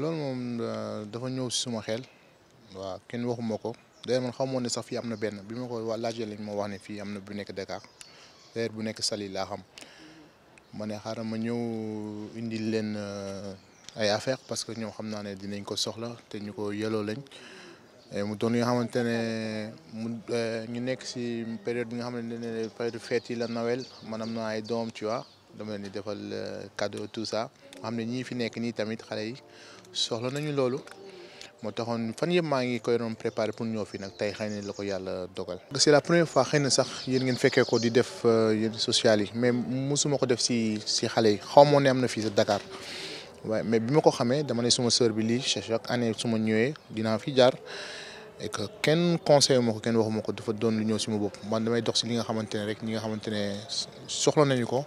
loolu moom euh, dafa ñëw si suma xel waaw kenn waxuma ko d'ailleurs man xamoon ne sax fii am na benn bi ma ko waa laajee lañ ma wax ne fii am na bu nekk Dakar d'ailleurs bu nekk Saly laa xam ma ne xaaral ma ñëw indi leen euh, ay affaire parce que ñoom xam naa ne dinañ ko soxla te ñu ko yeloo lañ mu doon yoo xamante ne mu euh, ñu nekk si période bi nga xam ne période fête yi la nawel man naa ay doom tu vois. dama defal cadeau tout ça xam ne fi nekk nii tamit xale yi soxla nañu loolu moo taxoon fan yëpp maa koy doon préparé pour ñëw fi nag tey xëy na yàlla dogal. c'est la première fois xëy na sax yéen ngeen fekkee ko di def yéen social yi mais mosuma ko def si si xale yi xaw moo ne am na fii sa Dakar waaye mais bi ko xamee dama ne suma sœur bi lii chaque année su ma ñëwee dinaa fi jaar. et que kenn conseil ma ko kenn dafa doon lu ñëw si ma bopp man damay dox si li nga xamante rek ñi nga xamante soxla nañu ko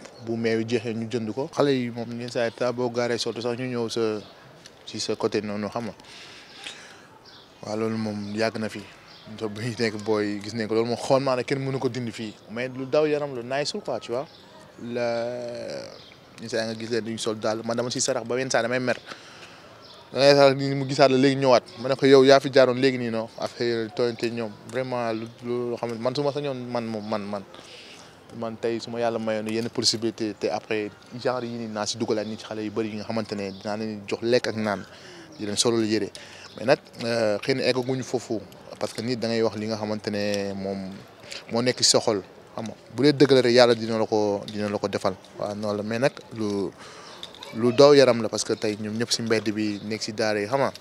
bu meew jeexee ñu jënd ko xale yi moom yenn saa yi boo gaaree sotti sax ñu ñëw sa ci sa côté noonu xam nga waaw loolu moom yàgg na fii te bu ñu nekk booy gis nañ ko loolu moom xool maa ne kenn mënu ko dindi fii mais lu daw yaram lu naay sul quoi tu vois la nga gis leen duñ sol daal man dama si sarax ba yenn saa damay mer dangay sax ni mu gisaat la léegi ñëwaat ma ne ko yow yaa fi jaaroon léegi nii non affaire tooyante ñoom vraiment lu loo xam ne man su ma sañoon man moom man man man tey su ma yàlla mayoon yenn possibilité te après genre yi nii naa si dugalaat ni ci xale yu bari yi nga xamante ne dinaa jox lekk ak naan di leen lu yére mais nag euh, xëy na eggaguñu foofu parce que nit da ngay wax li nga xamante ne moom moo nekk si sa xol xam bu dee dëgg la rek yàlla dina la ko dina la ko defal waaw noonu la mais nag lu lu daw yaram la parce que tey ñoom ñëpp si mbedd bi nekk si daara yi xam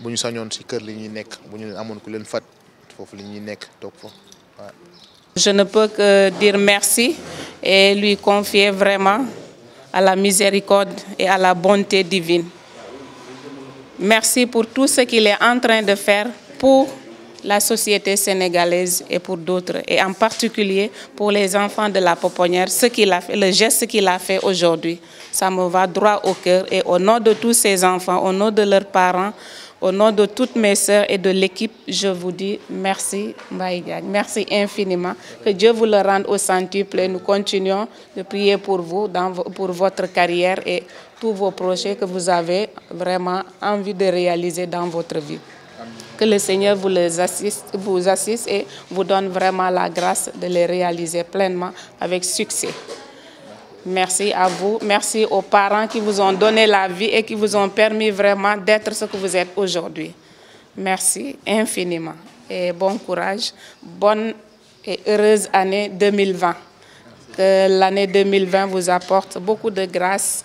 bu ñu sañoon si kër li ñuy nekk bu ñu leen amoon ku leen fat foofu li ñuy nekk toog fa Je ne peux que dire merci et lui confier vraiment à la miséricorde et à la bonté divine. Merci pour tout ce qu'il est en train de faire pour la société sénégalaise et pour d'autres, et en particulier pour les enfants de la Poponnière, ce qu'il a fait, le geste qu'il a fait aujourd'hui. Ça me va droit au cœur et au nom de tous ces enfants, au nom de leurs parents, au nom de toutes mes sœurs et de l'équipe, je vous dis merci, Maïdiane. Merci infiniment. Que Dieu vous le rende au centuple et nous continuons de prier pour vous, pour votre carrière et tous vos projets que vous avez vraiment envie de réaliser dans votre vie. Que le Seigneur vous, les assiste, vous assiste et vous donne vraiment la grâce de les réaliser pleinement avec succès. Merci à vous. Merci aux parents qui vous ont donné la vie et qui vous ont permis vraiment d'être ce que vous êtes aujourd'hui. Merci infiniment et bon courage. Bonne et heureuse année 2020. Que l'année 2020 vous apporte beaucoup de grâce,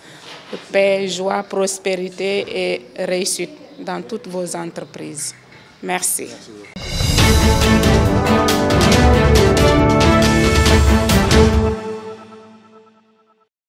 de paix, joie, prospérité et réussite dans toutes vos entreprises. Merci. Merci